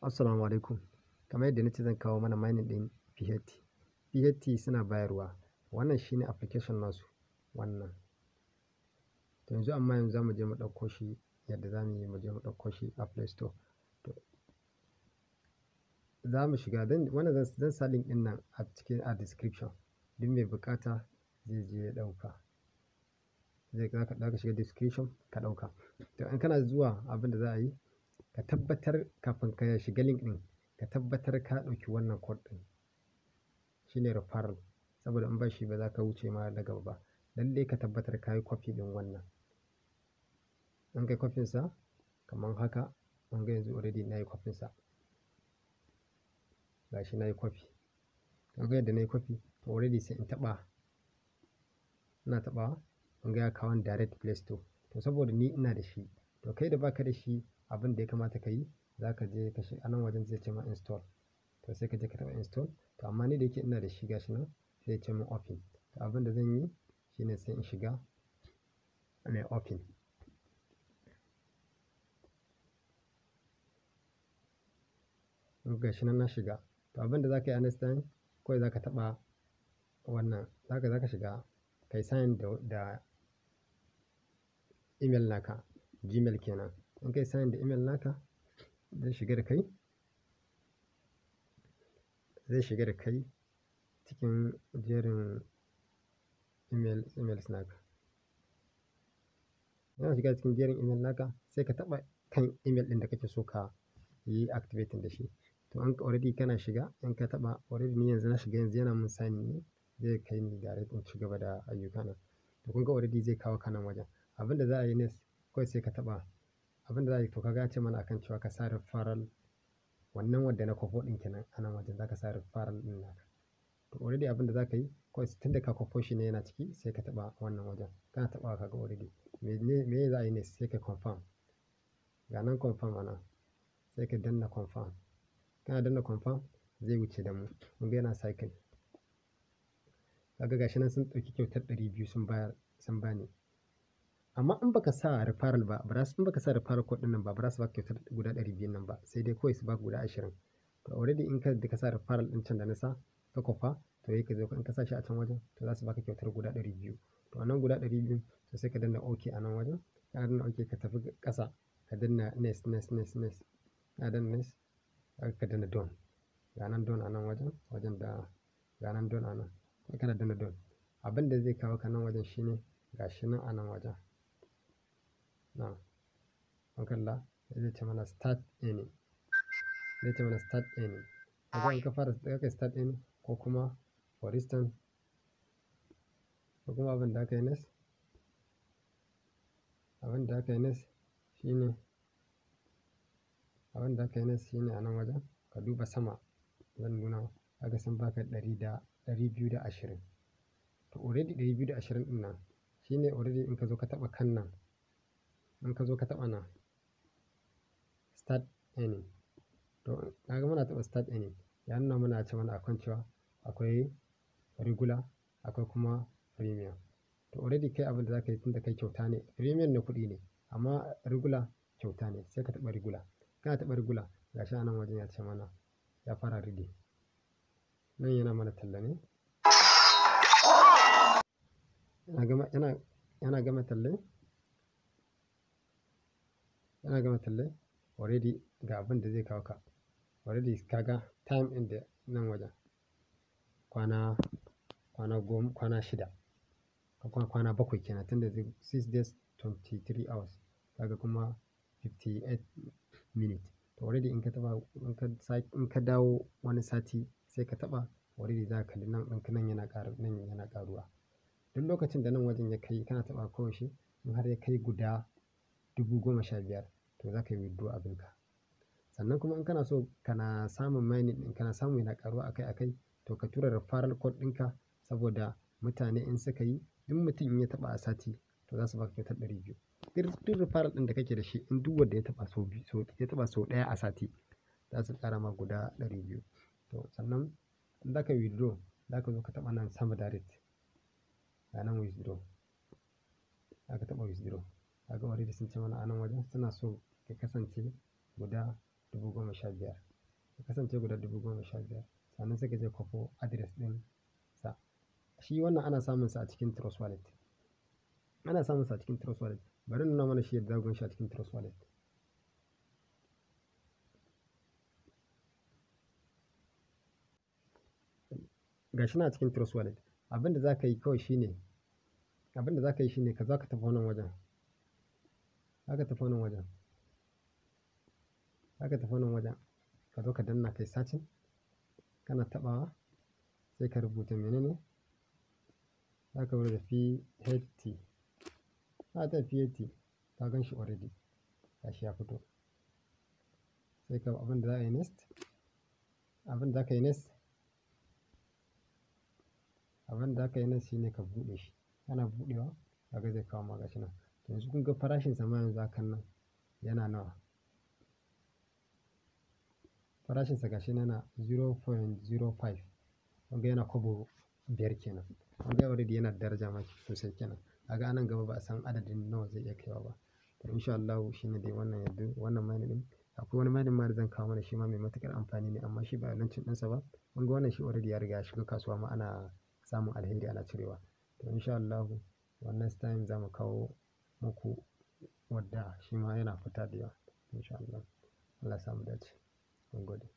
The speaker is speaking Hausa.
Assalamu alaikum. Kamar yadda nace zan kawo mana mining din PHT. PHT suna bayarwa. Wannan shine application nasu. Wannan. To yanzu amma yanzu zamu je mu dauko shi yadda zamu yi mu je mu dauko shi a Play Store. To za mu shiga dan wannan zan sa link din nan a cikin a description. Duk mai bukata zai je ya ɗauka. Zai ka shiga description ka ɗauka. To in kana zuwa abin da za a yi ka tabbatar kafin ka shiga link ɗin ka tabbatar ka ɗauki wannan code ɗin shine referral saboda in ba shi ba za ka wuce ma na gaba ba lallai ka tabbatar ka yi copy din wannan in kai copy sa kamar haka in ga yanzu already na yi copy sa gashi na yi copy in ga yadda na yi copy to already sai in taɓa ina taba in ga ya kawo direct place to, to saboda ni ina da shi to kai da baka da shi abin da ya kamata ka yi za ka je ka shiga nan wajen zai ce ma install to sai ka je ka taɓa install to amma ni da yake ina da shi gashi nan zai ce ma open to abin da zan yi shine sai in shiga mai open gashi nan na shiga to abin da za ka yi understand kawai za ka taɓa wannan za ka shiga kai sign da email naka gmail kenan in kai sign da email naka zai shiga da kai zai shiga da kai cikin jerin email emails naka yana shiga cikin jerin email naka sai ka taba kan email ɗin da kake so ka yi activating da shi to an already kana shiga in ka taɓa already ni yanzu na shiga yanzu yana mun sani ne zai kai ni direct in ci gaba da ayyukana to kun ga already zai kawo kanan wajen abinda za a yi next kawai sai ka taba abin da za yi to kaga ce mana akan cewa ka sare faral wannan wadda na kwafo ɗin kenan a nan wajen za ka sare faral ɗin naka to already abin da za ka yi kawai tun da ka kwafo shi ne yana ciki sai ka taɓa wannan wajen kana taɓa ka ga already me za a yi ne sai ka confirm ga nan confirm ana sai ka danna confirm kana danna confirm zai wuce da mu mun ga yana cycle kaga gashi nan sun ɗauki kyautar ɗari biyu sun bayar sun bani amma in baka sa referral ba ba in baka sa referral code din nan ba ba za su baka kyautar guda 200 nan ba sai dai kawai su baka guda 20 to already in ka duka sa referral din can da na sa ka kofa to yake zo in ka sa shi a can wajen to za su baka kyautar guda 200 to a nan guda 200 to sai ka danna okay a nan wajen ka danna okay ka tafi ƙasa ka danna next next next next ka danna next ka danna don ga nan don a nan wajen wajen da ga nan don a nan kana danna don abin da zai kawo ka nan wajen shine ga shi nan a nan wajen na'am kun kalla zai ce start any zai ce start start ko kuma for instance kuma abin da aka yi nes abin da aka yi nes shine a nan wajen ka duba sama zan nuna kaga baka ɗari biyu da already ɗari biyu da ashirin ɗin nan already in ka zo ka taɓa kan nan an ka zo ka taɓa na start earning to kaga muna taɓa start earning ya nuna muna ce mana akan cewa akwai regular akwai kuma premium to already kai abin da za ka yi tunda kai kyauta ne premium ne kuɗi ne amma regular kyauta ne sai ka taɓa regular kana taɓa regular gashi a nan wajen ya ce mana ya fara ridi nan yana mana talla ne yana gama talle yana gama talle already ga abin da zai kawo ka already kaga time in da nan wajen kwana kwana goma kwana shida kwana bakwai kenan tunda zai 6 days 23 hours kaga kuma 58 minutes to already in ka taba in ka dawo wani sati sai ka taba already za ka kalli nan ɗinka nan yana ƙaru nan yana ƙaruwa duk lokacin da nan wajen ya kai kana taba kawai shi in har ya kai guda dubu goma sha biyar to za ka yi withdraw ka. sannan kuma in kana so kana samun mining ɗin kana samu yana ƙaruwa akai akai to ka tura referral code ɗinka saboda mutane in suka yi in mutum ya taɓa a sati to za su baka kyautar ɗari biyu duk referral ɗin da kake da shi in duk wanda ya taɓa sau biyu ya taba so ɗaya a sati za su ƙara ma guda ɗari biyu to sannan in za ka withdraw za ka zo ka taɓa nan sama direct ga nan withdraw za ka taɓa withdraw kaga already sun ce mana a nan wajen suna so ya kasance guda dubu goma sha biyar ya kasance guda dubu goma sha biyar sannan sai ka je kwafo adres ɗin sa shi wannan ana samun sa a cikin trust wallet ana samun sa a cikin trust wallet bari nuna mana shi yadda zagon shi a cikin trust wallet ga shi na cikin trust wallet abinda za ka yi kawai shine abinda za ka yi shine ka za ka tafi wannan wajen haka tafi wannan wajen haka tafi wannan wajen ka zo ka danna kai sacin kana tabawa sai ka rubuta menene za ka wurin da pht a ta pht ka gan shi already ga shi ya fito sai ka abin da za a yi next abin da za ka yi next abin da za ka yi next shine ka buɗe shi ana buɗewa ga zai kawo ma gashi nan yanzu kun ga farashin sa ma yanzu hakan nan yana nawa farashin sa gashi yana 0.05 kun ga yana kobo biyar kenan kun ga already yana daraja ma sosai kenan kaga anan gaba ba a san adadin nawa zai iya kaiwa ba to insha Allah ne dai wannan yadda wannan mining din akwai wani mining ma da zan kawo mana shi ma mai matukar amfani ne amma shi ba lancin ɗinsa ba kun ga wannan shi already ya riga ya shiga kasuwa ma ana samun alheri ana cirewa to insha Allah wannan time za mu kawo muku wadda shi ma yana fita da yawa insha Allah. Allah ya sa dace. Mun gode.